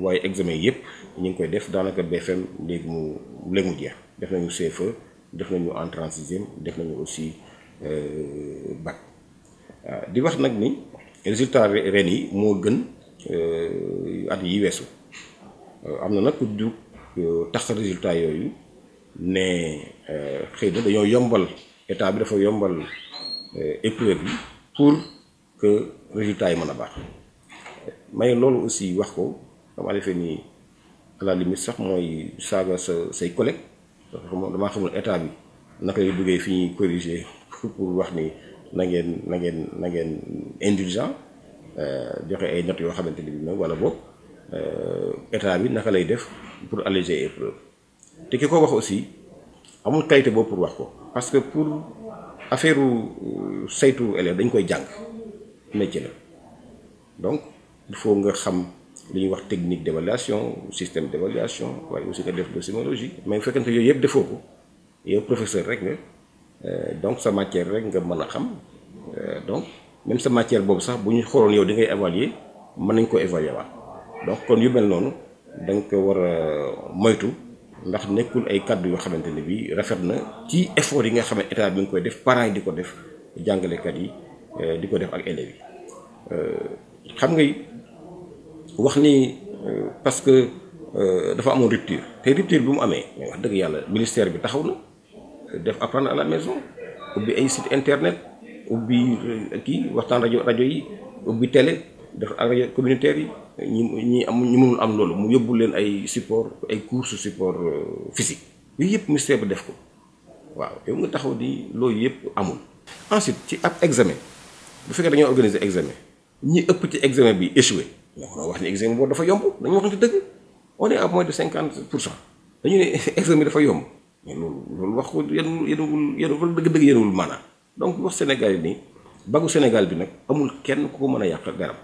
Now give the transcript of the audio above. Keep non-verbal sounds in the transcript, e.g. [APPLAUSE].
waaye examen yëpp ñu ngi koy def daanaka BFM léegi mu léegi mu jeex def nañu CFE def nañu entrée en sixième def nañu aussi euh, bac euh, di wax nag ni résultat ren yi moo gën euh, at yi weesu am na nag du tax résultat yooyu ne xëy na dañoo yombal état bi dafa yombal épreuve yi pour que résultat yi mën a baax may loolu aussi wax ko damaa defee nii à la limite sax mooy saaga sa say collègue parce que damaa xamul état bi naka lay duggee fi ñuy corriger pour wax ni na ngeen na ngeen na ngeen indulgent euh, joxe ay notes yoo xamante ni bii wala boog euh, état bi naka lay def pour alléger épreuve te ki ko wax aussi amul qualité boobu pour wax ko parce que pour affaire euh, saytu élève dañ koy jàng métier la donc il faut nga xam. li ñuy wax technique d'évaluation système d'évaluation waaye aussi nga def de doximologie mais bu fekkente yooyu yëpp defoo ko yow professeur rek nga euh, donc sa matière rek nga mën a xam euh, donc même sa matière boobu sax bu ñu xooloon yow di ngay évaluer mën nañ ko évaluer waat donc kon yu mel noonu da nga ko war a moytu ndax nekkul ay kàddu yoo xamante ne bi rafet na ci effort yi nga xam ne état bi nga koy def parents yi di ko def jàngalekat yi euh, di ko def ak élèves yi xam nga. wax nii euh, parce que euh, dafa amoon rupture te rupture bi mu amee mais wax dëgg yàlla ministère bi taxaw na euh, def apprendre à la maison ubbi ay site internet ubbi kii waxtaan rajo rajo yi ubbi télé def ak rajo communautaire yi ñi ñi am ñu mënul am loolu mu yóbbu leen ay support ay cours su support physique yooyu yëpp ministère bi def ko waaw yow nga taxaw di loolu yëpp amul. ensuite ci ab examen bu fekkee dañoo organiser examen ñi ëpp ci examen bi échoué. mais on wax ne examen boobu dafa yomb dañu waxante dëgg on est à de cinquante pour cent dañu ne [LAUGHS] examen bi dafa yomb mais loolu loolu wax ko yenn yenn yenn dëgg-dëgg yenwul maanaam donc wax Sénégal yi nii bagu Sénégal bi nag amul kenn ku ko mën a yàq garab.